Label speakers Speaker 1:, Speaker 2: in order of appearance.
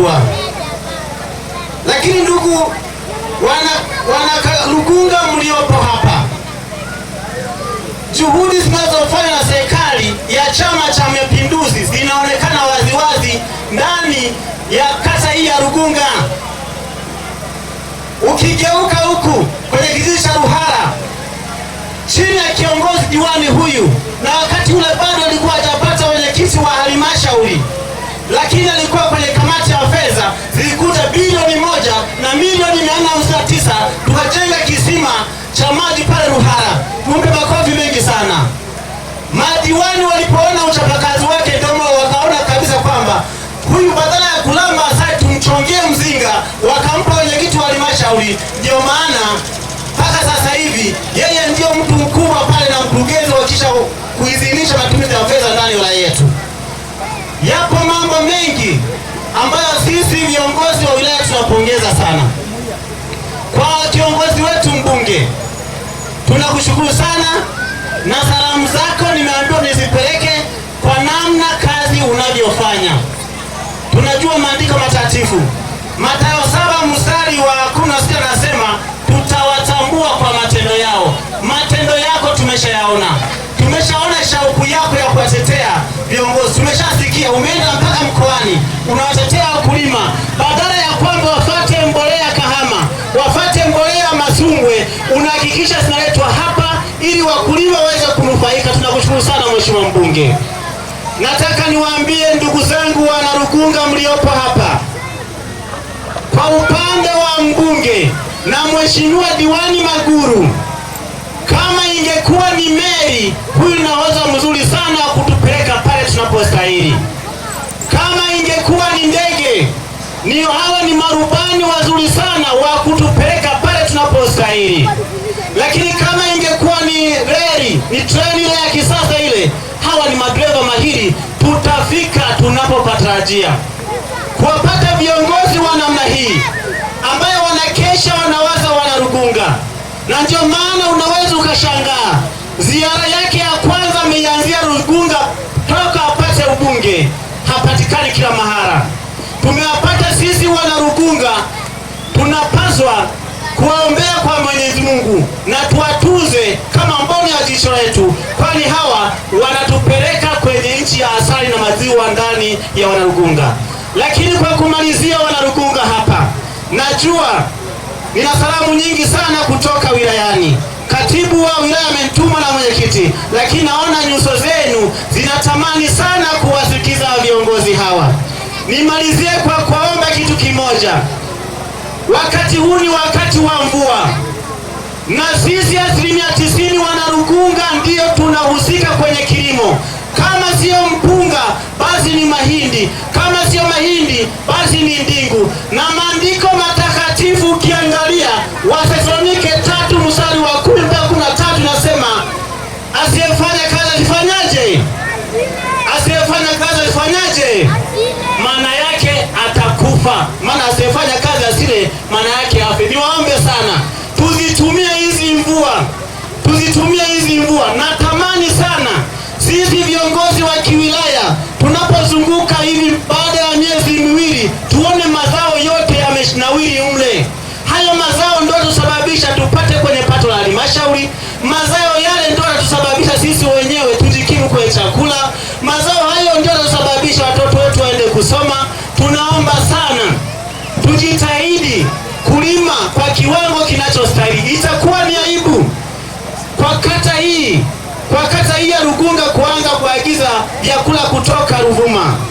Speaker 1: kuwa. Lakini ndugu wana, wana Lugunga mliopo hapa, juhudi zinazofanywa na serikali ya Chama cha Mapinduzi zinaonekana waziwazi ndani ya kata hii ya Lugunga. Ukigeuka huku kwenye kijiji cha Ruhara chini ya kiongozi diwani cha maji pale Ruhara, kumbe makofi mengi sana. Madiwani walipoona uchapakazi wake ndomo wakaona kabisa kwamba huyu badala ya kulamba sasa tumchongee mzinga, wakampa wenyekiti wa halmashauri ndio Tunakushukuru sana na salamu zako nimeambiwa nizipeleke kwa namna kazi unavyofanya. Tunajua maandiko matakatifu Mathayo saba mstari wa kumi na sita nasema tutawatambua kwa matendo yao. Matendo yako tumeshayaona, tumeshaona shauku yako ya kuwatetea viongozi, tumeshasikia umeenda mpaka mkoani unawatetea wakulima badala ya kwamba unahakikisha zinaletwa hapa ili wakulima waweze kunufaika. Tunakushukuru sana mheshimiwa mbunge. Nataka niwaambie ndugu zangu wana Rugunga mliopo hapa, kwa upande wa mbunge na mheshimiwa diwani Maguru, kama ingekuwa ni meli, huyu ni nahodha mzuri sana wa kutupeleka pale tunapostahili. Kama ingekuwa ni ndege, ni hawa ni marubani wazuri sana wa kutupeleka inastahili. Lakini kama ingekuwa ni reli, ni treni ile ya kisasa ile, hawa ni madereva mahiri, tutafika tunapopatarajia. Kuwapata viongozi wa namna hii ambayo wanakesha, wanawaza, wanarugunga, na ndio maana unaweza ukashangaa ziara yake ya kwanza ameianzia Rugunga, toka apate ubunge hapatikani kila mahara. Tumewapata sisi wana Rugunga, tunapaswa kuwaombea kwa Mwenyezi Mungu na tuwatunze kama mboni ya jicho letu, kwani hawa wanatupeleka kwenye nchi ya asali na maziwa ndani ya Wanarugunga. Lakini kwa kumalizia, Wanarugunga hapa, najua nina salamu nyingi sana kutoka wilayani Katibu wa wilaya amenituma na mwenyekiti, lakini naona nyuso zenu zinatamani sana kuwasikiza viongozi hawa. Nimalizie kwa kuomba kitu kimoja. Wakati huu ni wakati wa mvua, na sisi asilimia tisini wanarukunga ndiyo tunahusika kwenye kilimo. Kama siyo mpunga basi ni mahindi, kama siyo mahindi basi ni ndingu na maandiko na Natamani sana sisi viongozi wa kiwilaya tunapozunguka hivi, baada ya miezi miwili, tuone mazao yote yamenawiri mle. Hayo mazao ndio tusababisha tupate kwenye pato la halmashauri. Mazao yale ndio yatusababisha sisi wenyewe tujikimu kwenye chakula. Mazao hayo ndio yatusababisha watoto wetu waende kusoma. Tunaomba sana tujitahidi kulima kwa kiwango kinachostahili itakuwa Lugunga kuanza kuagiza vyakula kutoka Ruvuma.